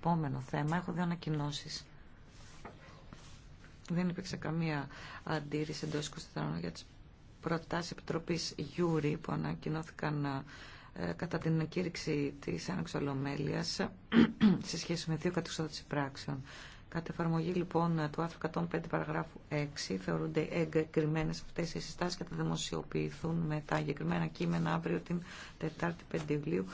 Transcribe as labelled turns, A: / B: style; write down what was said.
A: επόμενο θέμα έχω δύο ανακοινώσει. Δεν υπήρξε καμία αντίρρηση εντό 24 για τι προτάσει Επιτροπή Γιούρι που ανακοινώθηκαν ε, κατά την ανακήρυξη τη Αναξολομέλεια σε σχέση με δύο κατεξοδότηση πράξεων. Κατ' εφαρμογή λοιπόν του άρθρου 105 παραγράφου 6 θεωρούνται εγκεκριμένε αυτέ οι συστάσει και θα δημοσιοποιηθούν με τα εγκεκριμένα κείμενα αύριο την Τετάρτη 5 Ιουλίου